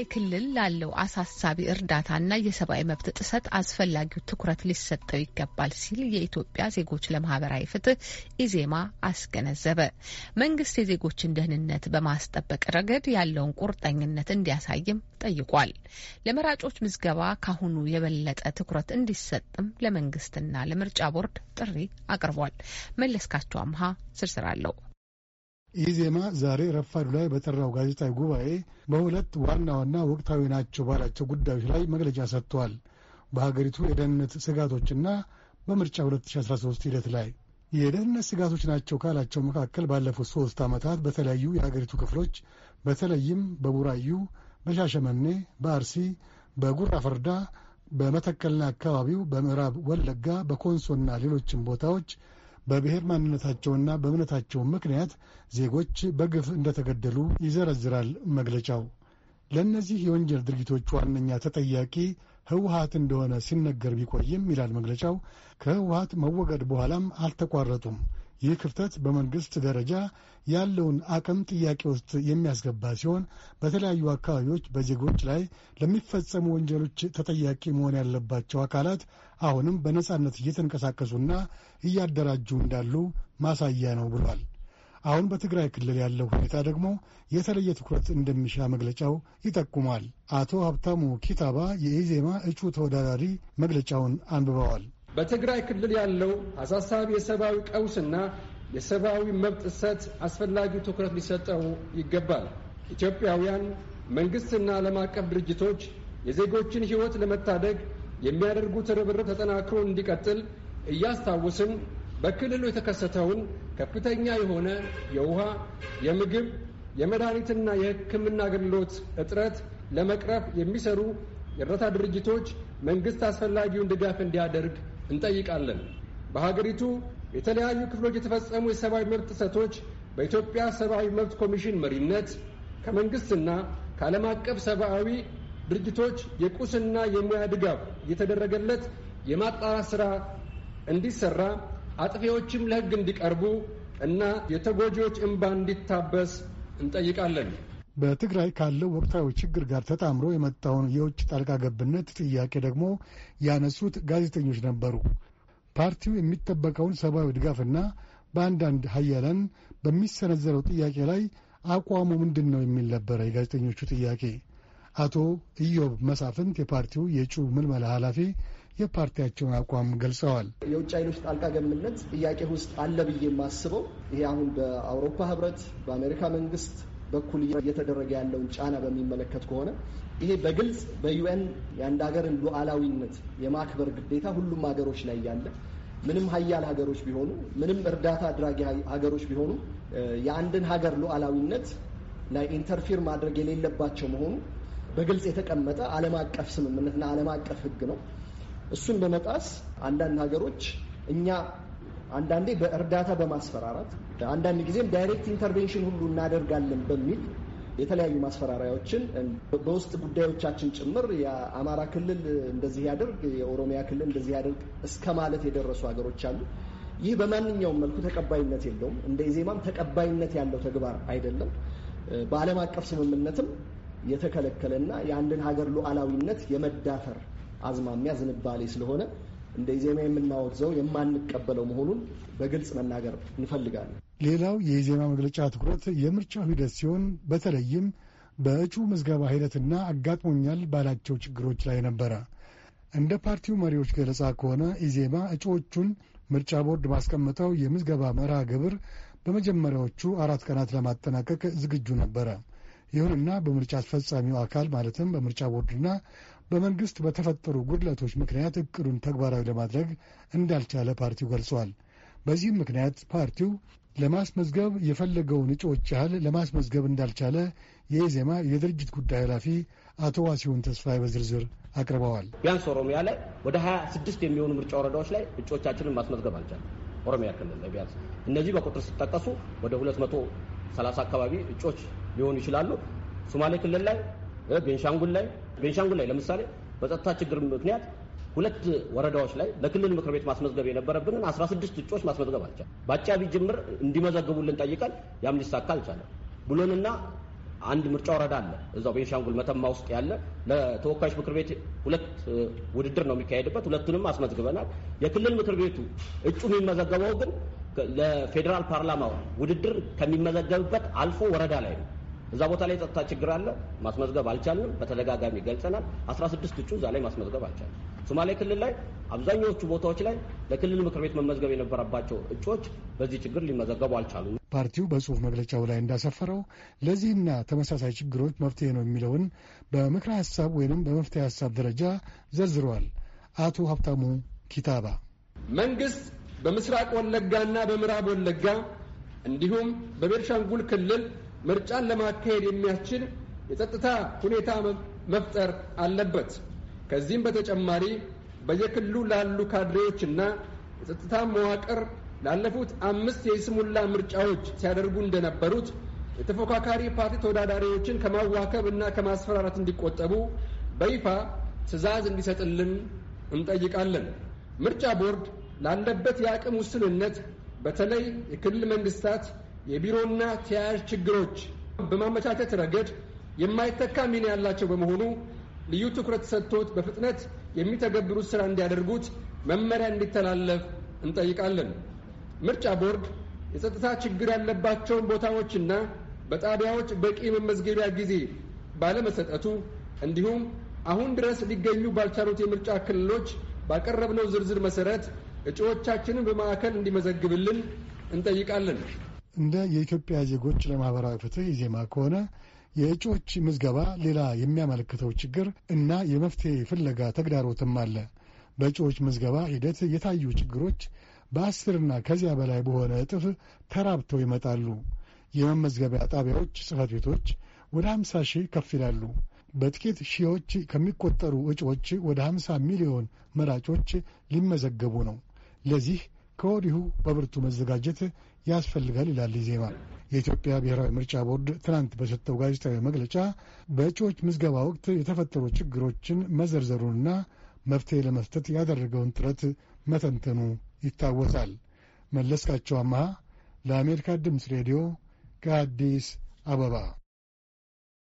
በትግራይ ክልል ላለው አሳሳቢ እርዳታና የሰብአዊ መብት ጥሰት አስፈላጊው ትኩረት ሊሰጠው ይገባል ሲል የኢትዮጵያ ዜጎች ለማህበራዊ ፍትህ ኢዜማ አስገነዘበ። መንግስት የዜጎችን ደህንነት በማስጠበቅ ረገድ ያለውን ቁርጠኝነት እንዲያሳይም ጠይቋል። ለመራጮች ምዝገባ ካሁኑ የበለጠ ትኩረት እንዲሰጥም ለመንግስትና ለምርጫ ቦርድ ጥሪ አቅርቧል። መለስካቸው አምሃ ስርስራለሁ ኢዜማ ዛሬ ረፋዱ ላይ በጠራው ጋዜጣዊ ጉባኤ በሁለት ዋና ዋና ወቅታዊ ናቸው ባላቸው ጉዳዮች ላይ መግለጫ ሰጥቷል። በሀገሪቱ የደህንነት ስጋቶችና በምርጫ 2013 ሂደት ላይ የደህንነት ስጋቶች ናቸው ካላቸው መካከል ባለፉት ሶስት ዓመታት በተለያዩ የሀገሪቱ ክፍሎች በተለይም በቡራዩ፣ በሻሸመኔ፣ በአርሲ፣ በጉራ ፈርዳ፣ በመተከልና አካባቢው፣ በምዕራብ ወለጋ፣ በኮንሶና ሌሎችም ቦታዎች በብሔር ማንነታቸውና በእምነታቸው ምክንያት ዜጎች በግፍ እንደተገደሉ ይዘረዝራል መግለጫው። ለእነዚህ የወንጀል ድርጊቶች ዋነኛ ተጠያቂ ህወሀት እንደሆነ ሲነገር ቢቆይም ይላል መግለጫው፣ ከህወሀት መወገድ በኋላም አልተቋረጡም። ይህ ክፍተት በመንግስት ደረጃ ያለውን አቅም ጥያቄ ውስጥ የሚያስገባ ሲሆን በተለያዩ አካባቢዎች በዜጎች ላይ ለሚፈጸሙ ወንጀሎች ተጠያቂ መሆን ያለባቸው አካላት አሁንም በነጻነት እየተንቀሳቀሱና እያደራጁ እንዳሉ ማሳያ ነው ብሏል። አሁን በትግራይ ክልል ያለው ሁኔታ ደግሞ የተለየ ትኩረት እንደሚሻ መግለጫው ይጠቁማል። አቶ ሀብታሙ ኪታባ የኢዜማ እጩ ተወዳዳሪ መግለጫውን አንብበዋል። በትግራይ ክልል ያለው አሳሳቢ የሰብአዊ ቀውስና የሰብአዊ መብት ጥሰት አስፈላጊ ትኩረት ሊሰጠው ይገባል። ኢትዮጵያውያን መንግስትና ዓለም አቀፍ ድርጅቶች የዜጎችን ሕይወት ለመታደግ የሚያደርጉት ርብርብ ተጠናክሮ እንዲቀጥል እያስታወስን በክልሉ የተከሰተውን ከፍተኛ የሆነ የውሃ፣ የምግብ፣ የመድኃኒትና የሕክምና አገልግሎት እጥረት ለመቅረፍ የሚሰሩ የእርዳታ ድርጅቶች መንግስት አስፈላጊውን ድጋፍ እንዲያደርግ እንጠይቃለን። በሀገሪቱ የተለያዩ ክፍሎች የተፈጸሙ የሰብአዊ መብት ጥሰቶች በኢትዮጵያ ሰብአዊ መብት ኮሚሽን መሪነት ከመንግስትና ከዓለም አቀፍ ሰብአዊ ድርጅቶች የቁስና የሙያ ድጋፍ እየተደረገለት የማጣራት ሥራ እንዲሰራ፣ አጥፊዎችም ለሕግ እንዲቀርቡ እና የተጎጂዎች እምባ እንዲታበስ እንጠይቃለን። በትግራይ ካለው ወቅታዊ ችግር ጋር ተጣምሮ የመጣውን የውጭ ጣልቃ ገብነት ጥያቄ ደግሞ ያነሱት ጋዜጠኞች ነበሩ። ፓርቲው የሚጠበቀውን ሰብአዊ ድጋፍና በአንዳንድ ሀያላን በሚሰነዘረው ጥያቄ ላይ አቋሙ ምንድን ነው የሚል ነበረ የጋዜጠኞቹ ጥያቄ። አቶ ኢዮብ መሳፍንት የፓርቲው የእጩ ምልመላ ኃላፊ የፓርቲያቸውን አቋም ገልጸዋል። የውጭ ኃይሎች ጣልቃ ገብነት ጥያቄ ውስጥ አለ ብዬ የማስበው ይሄ አሁን በአውሮፓ ህብረት፣ በአሜሪካ መንግስት በኩል እየተደረገ ያለውን ጫና በሚመለከት ከሆነ ይሄ በግልጽ በዩኤን የአንድ ሀገርን ሉዓላዊነት የማክበር ግዴታ ሁሉም ሀገሮች ላይ ያለ ምንም ሀያል ሀገሮች ቢሆኑ ምንም እርዳታ አድራጊ ሀገሮች ቢሆኑ የአንድን ሀገር ሉዓላዊነት ላይ ኢንተርፊር ማድረግ የሌለባቸው መሆኑ በግልጽ የተቀመጠ ዓለም አቀፍ ስምምነትና ዓለም አቀፍ ሕግ ነው። እሱን በመጣስ አንዳንድ ሀገሮች እኛ አንዳንዴ በእርዳታ በማስፈራራት አንዳንድ ጊዜም ዳይሬክት ኢንተርቬንሽን ሁሉ እናደርጋለን በሚል የተለያዩ ማስፈራሪያዎችን በውስጥ ጉዳዮቻችን ጭምር የአማራ ክልል እንደዚህ ያደርግ፣ የኦሮሚያ ክልል እንደዚህ ያደርግ እስከ ማለት የደረሱ ሀገሮች አሉ። ይህ በማንኛውም መልኩ ተቀባይነት የለውም። እንደ ኢዜማም ተቀባይነት ያለው ተግባር አይደለም። በዓለም አቀፍ ስምምነትም የተከለከለና የአንድን ሀገር ሉዓላዊነት የመዳፈር አዝማሚያ ዝንባሌ ስለሆነ እንደ ኢዜማ የምናወግዘው የማንቀበለው መሆኑን በግልጽ መናገር እንፈልጋለን። ሌላው የኢዜማ መግለጫ ትኩረት የምርጫው ሂደት ሲሆን በተለይም በእጩ ምዝገባ ሂደትና አጋጥሞኛል ባላቸው ችግሮች ላይ ነበረ። እንደ ፓርቲው መሪዎች ገለጻ ከሆነ ኢዜማ እጩዎቹን ምርጫ ቦርድ ባስቀመጠው የምዝገባ መርሃ ግብር በመጀመሪያዎቹ አራት ቀናት ለማጠናቀቅ ዝግጁ ነበረ። ይሁንና በምርጫ አስፈጻሚው አካል ማለትም በምርጫ ቦርድና በመንግስት በተፈጠሩ ጉድለቶች ምክንያት እቅዱን ተግባራዊ ለማድረግ እንዳልቻለ ፓርቲው ገልጿል። በዚህም ምክንያት ፓርቲው ለማስመዝገብ የፈለገውን እጩዎች ያህል ለማስመዝገብ እንዳልቻለ የኢዜማ የድርጅት ጉዳይ ኃላፊ አቶ ዋሲሁን ተስፋዬ በዝርዝር አቅርበዋል። ቢያንስ ኦሮሚያ ላይ ወደ 26 የሚሆኑ ምርጫ ወረዳዎች ላይ እጩዎቻችንን ማስመዝገብ አልቻለም። ኦሮሚያ ክልል ላይ ቢያንስ እነዚህ በቁጥር ሲጠቀሱ ወደ 230 አካባቢ እጩዎች ሊሆኑ ይችላሉ። ሶማሌ ክልል ላይ፣ ቤንሻንጉል ላይ ቤንሻንጉል ላይ ለምሳሌ በጸጥታ ችግር ምክንያት ሁለት ወረዳዎች ላይ ለክልል ምክር ቤት ማስመዝገብ የነበረብንን 16 እጩዎች ማስመዝገብ አልቻለም። በአጫቢ ጅምር እንዲመዘግቡልን ጠይቀን ያም ሊሳካ አልቻለም። ብሎንና አንድ ምርጫ ወረዳ አለ እዛው ቤንሻንጉል መተማ ውስጥ ያለ ለተወካዮች ምክር ቤት ሁለት ውድድር ነው የሚካሄድበት። ሁለቱንም አስመዝግበናል። የክልል ምክር ቤቱ እጩ የሚመዘገበው ግን ለፌዴራል ፓርላማ ውድድር ከሚመዘገብበት አልፎ ወረዳ ላይ ነው። እዛ ቦታ ላይ የጸጥታ ችግር አለ። ማስመዝገብ አልቻልንም። በተደጋጋሚ ገልጸናል። 16 እጩ እዛ ላይ ማስመዝገብ አልቻልንም። ሶማሌ ክልል ላይ አብዛኛዎቹ ቦታዎች ላይ ለክልል ምክር ቤት መመዝገብ የነበረባቸው እጩዎች በዚህ ችግር ሊመዘገቡ አልቻሉም። ፓርቲው በጽሁፍ መግለጫው ላይ እንዳሰፈረው ለዚህና ተመሳሳይ ችግሮች መፍትሄ ነው የሚለውን በምክረ ሀሳብ ወይንም በመፍትሄ ሀሳብ ደረጃ ዘርዝሯል። አቶ ሀብታሙ ኪታባ መንግስት በምስራቅ ወለጋና በምዕራብ ወለጋ እንዲሁም በቤርሻንጉል ክልል ምርጫን ለማካሄድ የሚያስችል የጸጥታ ሁኔታ መፍጠር አለበት። ከዚህም በተጨማሪ በየክልሉ ላሉ ካድሬዎችና የጸጥታ መዋቅር ላለፉት አምስት የስሙላ ምርጫዎች ሲያደርጉ እንደነበሩት የተፎካካሪ ፓርቲ ተወዳዳሪዎችን ከማዋከብ እና ከማስፈራራት እንዲቆጠቡ በይፋ ትዕዛዝ እንዲሰጥልን እንጠይቃለን። ምርጫ ቦርድ ላለበት የአቅም ውስንነት በተለይ የክልል መንግስታት የቢሮና ተያያዥ ችግሮች በማመቻቸት ረገድ የማይተካ ሚና ያላቸው በመሆኑ ልዩ ትኩረት ሰጥቶት በፍጥነት የሚተገብሩት ስራ እንዲያደርጉት መመሪያ እንዲተላለፍ እንጠይቃለን። ምርጫ ቦርድ የጸጥታ ችግር ያለባቸውን ቦታዎችና በጣቢያዎች በቂ መመዝገቢያ ጊዜ ባለመሰጠቱ እንዲሁም አሁን ድረስ ሊገኙ ባልቻሉት የምርጫ ክልሎች ባቀረብነው ዝርዝር መሰረት እጩዎቻችንን በማዕከል እንዲመዘግብልን እንጠይቃለን። እንደ የኢትዮጵያ ዜጎች ለማህበራዊ ፍትህ ኢዜማ ከሆነ የእጩዎች ምዝገባ ሌላ የሚያመለክተው ችግር እና የመፍትሄ ፍለጋ ተግዳሮትም አለ። በእጩዎች ምዝገባ ሂደት የታዩ ችግሮች በአስርና ከዚያ በላይ በሆነ እጥፍ ተራብተው ይመጣሉ። የመመዝገቢያ ጣቢያዎች፣ ጽህፈት ቤቶች ወደ 50 ሺህ ከፍ ይላሉ። በጥቂት ሺዎች ከሚቆጠሩ እጩዎች ወደ 5ምሳ ሚሊዮን መራጮች ሊመዘገቡ ነው። ለዚህ ከወዲሁ በብርቱ መዘጋጀት ያስፈልጋል ይላል ኢዜማ። የኢትዮጵያ ብሔራዊ ምርጫ ቦርድ ትናንት በሰጠው ጋዜጣዊ መግለጫ በእጩዎች ምዝገባ ወቅት የተፈጠሩ ችግሮችን መዘርዘሩንና መፍትሄ ለመስጠት ያደረገውን ጥረት መተንተኑ ይታወሳል። መለስካቸው አማሃ ለአሜሪካ ድምፅ ሬዲዮ ከአዲስ አበባ